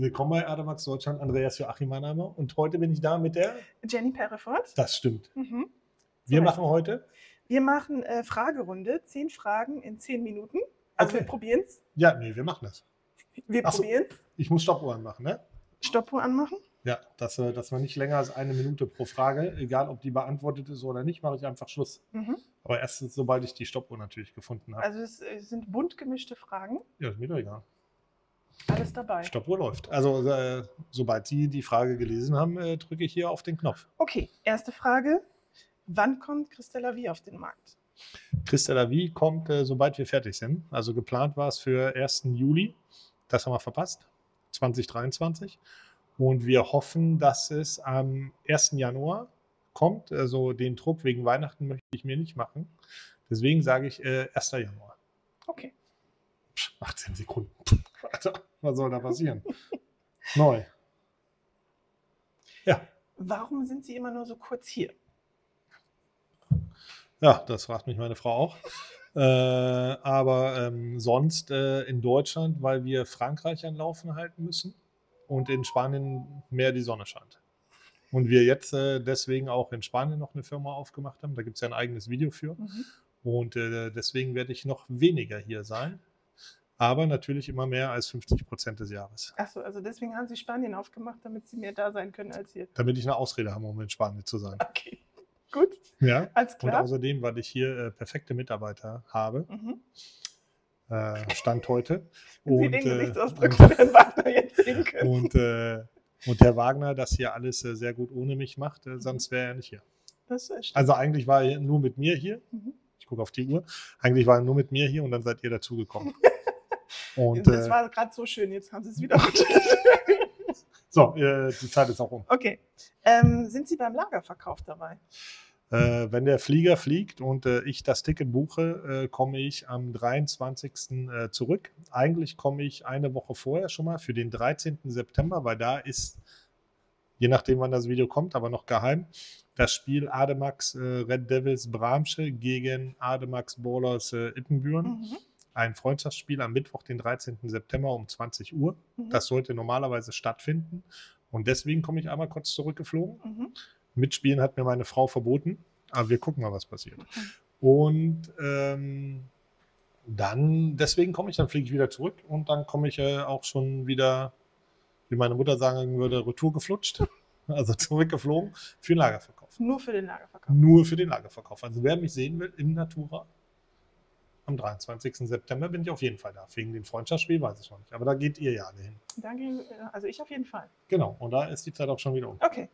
Willkommen bei Adamax Deutschland, Andreas Joachim, mein Name. Und heute bin ich da mit der Jenny Perrefort. Das stimmt. Mhm. Wir so machen heute? Wir machen äh, Fragerunde, zehn Fragen in zehn Minuten. Also okay. wir probieren es. Ja, nee, wir machen das. Wir Ach probieren so, Ich muss Stoppuhr anmachen, ne? Stoppuhr anmachen? Ja, dass, äh, dass man nicht länger als eine Minute pro Frage, egal ob die beantwortet ist oder nicht, mache ich einfach Schluss. Mhm. Aber erst sobald ich die Stoppuhr natürlich gefunden habe. Also es äh, sind bunt gemischte Fragen. Ja, ist mir doch egal. Alles dabei. Stoppuhr läuft. Also äh, sobald Sie die Frage gelesen haben, äh, drücke ich hier auf den Knopf. Okay, erste Frage. Wann kommt Christella Wie auf den Markt? Christella Wie kommt, äh, sobald wir fertig sind. Also geplant war es für 1. Juli. Das haben wir verpasst. 2023. Und wir hoffen, dass es am 1. Januar kommt. Also den Druck wegen Weihnachten möchte ich mir nicht machen. Deswegen sage ich äh, 1. Januar. Okay. 18 Sekunden. Alter, also, was soll da passieren? Neu. Ja. Warum sind sie immer nur so kurz hier? Ja, das fragt mich meine Frau auch. Äh, aber ähm, sonst äh, in Deutschland, weil wir Frankreich an Laufen halten müssen und in Spanien mehr die Sonne scheint. Und wir jetzt äh, deswegen auch in Spanien noch eine Firma aufgemacht haben. Da gibt es ja ein eigenes Video für. Mhm. Und äh, deswegen werde ich noch weniger hier sein aber natürlich immer mehr als 50 Prozent des Jahres. Achso, also deswegen haben Sie Spanien aufgemacht, damit Sie mehr da sein können als hier. Damit ich eine Ausrede habe, um in Spanien zu sein. Okay. Gut. Ja. Alles klar. Und außerdem, weil ich hier äh, perfekte Mitarbeiter habe. Mhm. Äh, Stand heute. Sie und, den äh, Gesichtsausdruck von Herrn Wagner jetzt sehen können. Und, äh, und Herr Wagner das hier alles äh, sehr gut ohne mich macht, äh, sonst mhm. wäre er nicht hier. Das ist also eigentlich war er nur mit mir hier. Mhm. Ich gucke auf die Uhr. Eigentlich war er nur mit mir hier und dann seid ihr dazugekommen. Und, das äh, war gerade so schön, jetzt haben Sie es wieder So, äh, die Zeit ist auch um. Okay. Ähm, sind Sie beim Lagerverkauf dabei? Äh, wenn der Flieger fliegt und äh, ich das Ticket buche, äh, komme ich am 23. Äh, zurück. Eigentlich komme ich eine Woche vorher schon mal für den 13. September, weil da ist, je nachdem wann das Video kommt, aber noch geheim, das Spiel Ademax Red Devils Bramsche gegen Ademax Ballers Ippenbüren. Mhm ein Freundschaftsspiel am Mittwoch, den 13. September um 20 Uhr. Mhm. Das sollte normalerweise stattfinden. Und deswegen komme ich einmal kurz zurückgeflogen. Mhm. Mitspielen hat mir meine Frau verboten. Aber wir gucken mal, was passiert. Mhm. Und ähm, dann, deswegen komme ich, dann fliege ich wieder zurück und dann komme ich äh, auch schon wieder, wie meine Mutter sagen würde, Retour geflutscht. Also zurückgeflogen für den Lagerverkauf. Nur für den Lagerverkauf. Nur für den Lagerverkauf. Also wer mich sehen will in Natura, am 23. September bin ich auf jeden Fall da. Wegen dem Freundschaftsspiel weiß ich noch nicht. Aber da geht ihr ja alle hin. Danke, äh, also ich auf jeden Fall. Genau, und da ist die Zeit auch schon wieder um. Okay.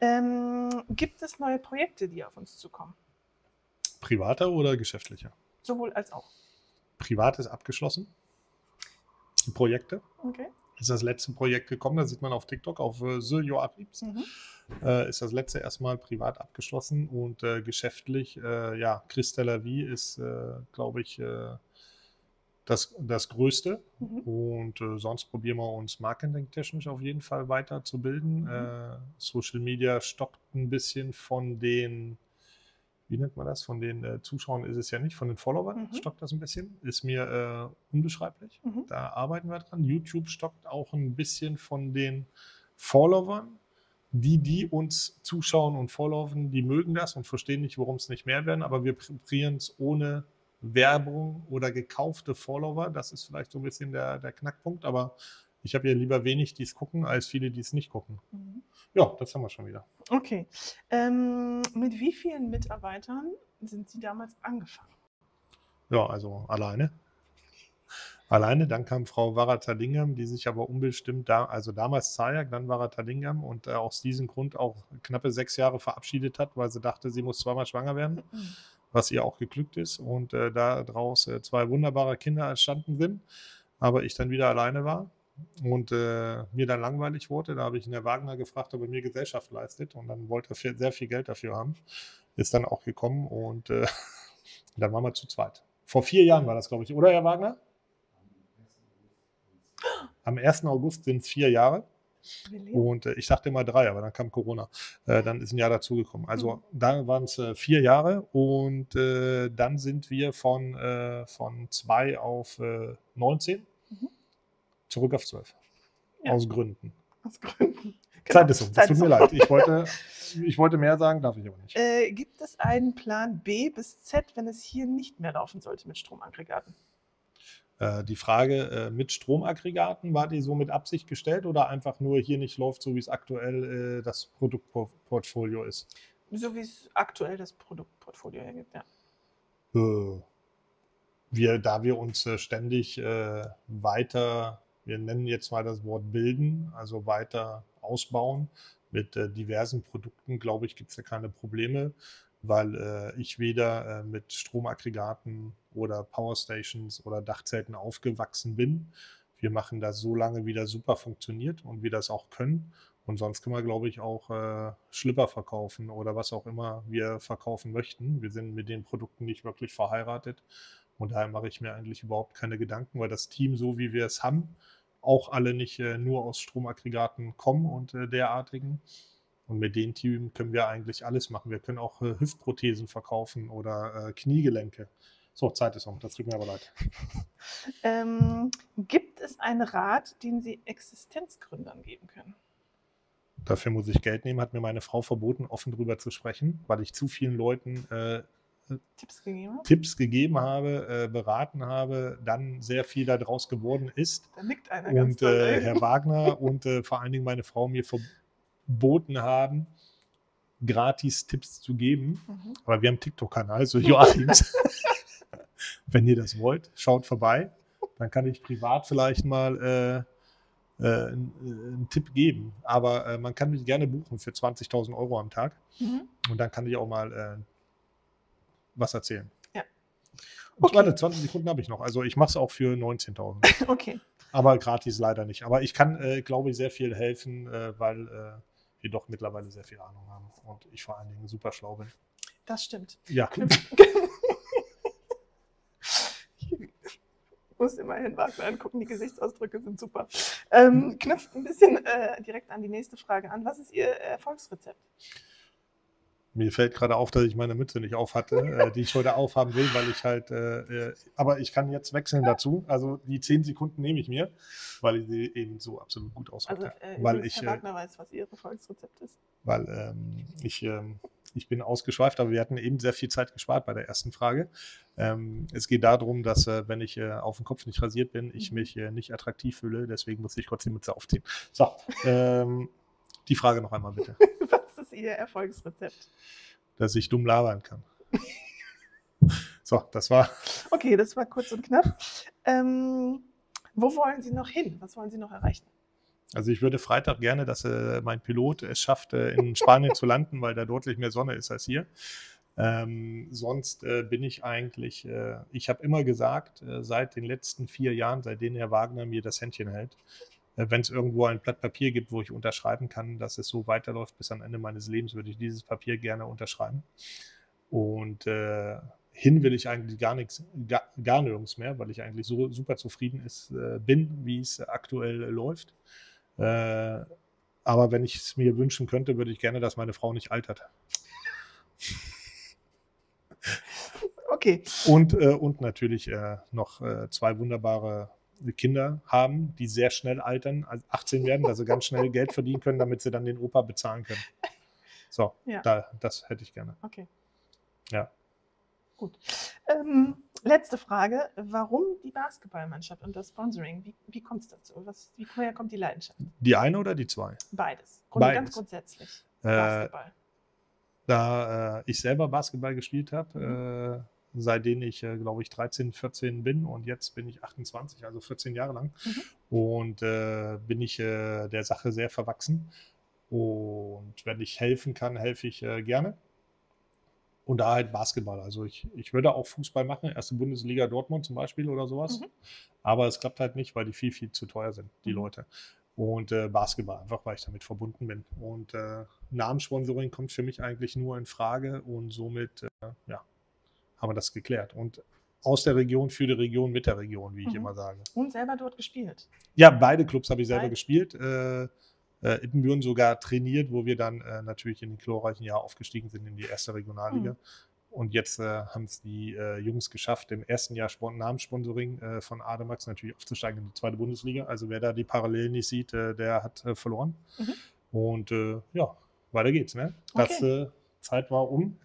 Ähm, gibt es neue Projekte, die auf uns zukommen? Privater oder geschäftlicher? Sowohl als auch. Privat ist abgeschlossen. Projekte. Okay ist das letzte Projekt gekommen. Da sieht man auf TikTok auf äh, Sir Joachim. Mhm. Äh, ist das letzte erstmal privat abgeschlossen und äh, geschäftlich, äh, ja, Christel Lavie ist, äh, glaube ich, äh, das, das Größte. Mhm. Und äh, sonst probieren wir uns marketingtechnisch auf jeden Fall weiterzubilden. Mhm. Äh, Social Media stockt ein bisschen von den wie nennt man das, von den äh, Zuschauern ist es ja nicht, von den Followern mhm. stockt das ein bisschen. Ist mir äh, unbeschreiblich. Mhm. Da arbeiten wir dran. YouTube stockt auch ein bisschen von den Followern. Die, die uns zuschauen und vorlaufen, die mögen das und verstehen nicht, warum es nicht mehr werden, aber wir probieren es ohne Werbung oder gekaufte Follower. Das ist vielleicht so ein bisschen der, der Knackpunkt, aber ich habe ja lieber wenig, die es gucken, als viele, die es nicht gucken. Mhm. Ja, das haben wir schon wieder. Okay. Ähm, mit wie vielen Mitarbeitern sind Sie damals angefangen? Ja, also alleine. Alleine, dann kam Frau Varatalingam, die sich aber unbestimmt, da, also damals Zayak, dann Varatalingam und äh, aus diesem Grund auch knappe sechs Jahre verabschiedet hat, weil sie dachte, sie muss zweimal schwanger werden, mhm. was ihr auch geglückt ist und äh, daraus äh, zwei wunderbare Kinder entstanden sind, aber ich dann wieder alleine war und äh, mir dann langweilig wurde. Da habe ich in der Wagner gefragt, ob er mir Gesellschaft leistet und dann wollte er viel, sehr viel Geld dafür haben. Ist dann auch gekommen und äh, dann waren wir zu zweit. Vor vier Jahren war das, glaube ich, oder Herr Wagner? Am 1. August sind es vier Jahre. Und äh, ich dachte immer drei, aber dann kam Corona. Äh, dann ist ein Jahr dazugekommen. Also mhm. da waren es äh, vier Jahre und äh, dann sind wir von, äh, von zwei auf äh, 19 zurück auf 12. Ja. Aus Gründen. Aus Gründen. Genau. Zeit ist genau. um. Zeit tut mir leid. Ich wollte, ich wollte mehr sagen, darf ich aber nicht. Äh, gibt es einen Plan B bis Z, wenn es hier nicht mehr laufen sollte mit Stromaggregaten? Äh, die Frage äh, mit Stromaggregaten, war die so mit Absicht gestellt oder einfach nur hier nicht läuft, so wie es aktuell äh, das Produktportfolio ist? So wie es aktuell das Produktportfolio hergibt, ja. Wir, da wir uns ständig weiter wir nennen jetzt mal das Wort bilden, also weiter ausbauen. Mit äh, diversen Produkten, glaube ich, gibt es ja keine Probleme, weil äh, ich weder äh, mit Stromaggregaten oder Powerstations oder Dachzelten aufgewachsen bin. Wir machen das so lange, wie das super funktioniert und wie das auch können. Und sonst können wir, glaube ich, auch äh, Schlipper verkaufen oder was auch immer wir verkaufen möchten. Wir sind mit den Produkten nicht wirklich verheiratet und daher mache ich mir eigentlich überhaupt keine Gedanken, weil das Team, so wie wir es haben, auch alle nicht äh, nur aus Stromaggregaten kommen und äh, derartigen. Und mit dem Team können wir eigentlich alles machen. Wir können auch äh, Hüftprothesen verkaufen oder äh, Kniegelenke. So, Zeit ist um, das tut mir aber leid. Ähm, gibt es einen Rat, den Sie Existenzgründern geben können? Dafür muss ich Geld nehmen, hat mir meine Frau verboten, offen darüber zu sprechen, weil ich zu vielen Leuten äh, Tipps gegeben, Tipps gegeben habe, äh, beraten habe, dann sehr viel daraus geworden ist. Da nickt einer und ganz äh, Herr Wagner und äh, vor allen Dingen meine Frau mir verboten haben, gratis Tipps zu geben. Mhm. Aber wir haben TikTok-Kanal, so Joachims. Wenn ihr das wollt, schaut vorbei. Dann kann ich privat vielleicht mal äh, einen, äh, äh, einen, Tipp geben. Aber äh, man kann mich gerne buchen für 20.000 Euro am Tag. Mhm. Und dann kann ich auch mal äh, was erzählen. Ja. Und okay. Warte, 20 Sekunden habe ich noch. Also ich mache es auch für 19.000. okay. Aber gratis leider nicht. Aber ich kann, äh, glaube ich, sehr viel helfen, äh, weil äh, wir doch mittlerweile sehr viel Ahnung haben und ich vor allen Dingen super schlau bin. Das stimmt. Ja. muss immerhin Wagner angucken, die Gesichtsausdrücke sind super. Ähm, knüpft ein bisschen äh, direkt an die nächste Frage an. Was ist Ihr Erfolgsrezept? Mir fällt gerade auf, dass ich meine Mütze nicht auf hatte, äh, die ich heute aufhaben will, weil ich halt, äh, äh, aber ich kann jetzt wechseln dazu. Also die zehn Sekunden nehme ich mir, weil ich sie eben so absolut gut aushalte. Also, äh, weil ich, Herr äh, Wagner weiß, was Ihr Erfolgsrezept ist. Weil ähm, ich, ähm, ich bin ausgeschweift, aber wir hatten eben sehr viel Zeit gespart bei der ersten Frage. Ähm, es geht darum, dass äh, wenn ich äh, auf dem Kopf nicht rasiert bin, ich mhm. mich äh, nicht attraktiv fühle. Deswegen muss ich kurz die Mütze aufziehen. So, ähm, die Frage noch einmal bitte. Ihr Erfolgsrezept? Dass ich dumm labern kann. so, das war. Okay, das war kurz und knapp. Ähm, wo wollen Sie noch hin? Was wollen Sie noch erreichen? Also ich würde Freitag gerne, dass äh, mein Pilot es schafft, äh, in Spanien zu landen, weil da deutlich mehr Sonne ist als hier. Ähm, sonst äh, bin ich eigentlich, äh, ich habe immer gesagt, äh, seit den letzten vier Jahren, seitdem Herr Wagner mir das Händchen hält, äh, wenn es irgendwo ein Blatt Papier gibt, wo ich unterschreiben kann, dass es so weiterläuft bis am Ende meines Lebens, würde ich dieses Papier gerne unterschreiben. Und äh, hin will ich eigentlich gar nichts, gar, gar nirgends mehr, weil ich eigentlich so super zufrieden ist, äh, bin, wie es aktuell äh, läuft. aber wenn ich es mir wünschen könnte, würde ich gerne, dass meine Frau nicht altert. Okay. Und, äh, und natürlich äh, noch zwei wunderbare Kinder haben, die sehr schnell altern, also 18 werden, dass sie ganz schnell Geld verdienen können, damit sie dann den Opa bezahlen können. So, ja. da, das hätte ich gerne. Okay. Ja. Gut. Ähm, letzte Frage. Warum die Basketballmannschaft und das Sponsoring? Wie, wie kommt es dazu? Was, wie, woher kommt die Leidenschaft? Die eine oder die zwei? Beides. Grund, Beides. Ganz grundsätzlich. Äh, Basketball. Äh, da äh, ich selber Basketball gespielt habe, mhm. äh, seitdem ich, äh, glaube ich, 13, 14 bin und jetzt bin ich 28, also 14 Jahre lang. Mhm. Und äh, bin ich äh, der Sache sehr verwachsen. Und wenn ich helfen kann, helfe ich äh, gerne. Und da halt Basketball. Also ich, ich würde auch Fußball machen, erste Bundesliga Dortmund zum Beispiel oder sowas. Mhm. Aber es klappt halt nicht, weil die viel, viel zu teuer sind, die mhm. Leute. Und äh, Basketball, einfach weil ich damit verbunden bin. Und äh, Namenssponsoring kommt für mich eigentlich nur in Frage und somit, ja, haben wir das geklärt. Und aus der Region, für die Region, mit der Region, wie ich mhm. immer sage. Und selber dort gespielt? Ja, beide Clubs habe ich selber Nein. gespielt. Äh, äh, Ittenbüren sogar trainiert, wo wir dann äh, natürlich in den glorreichen Jahr aufgestiegen sind in die erste Regionalliga. Mhm. Und jetzt äh, haben es die äh, Jungs geschafft, im ersten Jahr Sport Namenssponsoring äh, von Ademax natürlich aufzusteigen in die zweite Bundesliga. Also wer da die Parallelen nicht sieht, äh, der hat äh, verloren. Mhm. Und äh, ja, weiter geht's. Ne? Okay. Das Zeit war um.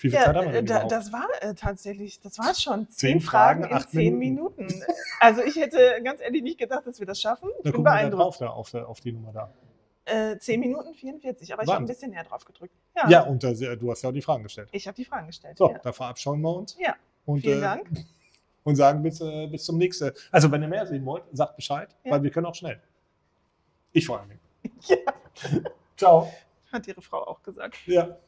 Wie viel ja, Zeit haben wir denn äh, da, Das war äh, tatsächlich, das war schon zehn, zehn Fragen, Fragen in zehn Minuten. Minuten. Also ich hätte ganz ehrlich nicht gedacht, dass wir das schaffen. Ich da bin beeindruckt. Da drauf, da, auf, auf die Nummer da. Äh, 10 Minuten 44, aber ich habe ein bisschen näher drauf gedrückt. Ja, ja und äh, du hast ja auch die Fragen gestellt. Ich habe die Fragen gestellt. So, ja. da verabschieden wir uns. Ja. Und, Vielen äh, Dank. Und sagen bis, äh, bis zum nächsten. Also, wenn ihr mehr sehen wollt, sagt Bescheid, ja. weil wir können auch schnell. Ich vor allem. Ja. Ciao. Hat ihre Frau auch gesagt. Ja.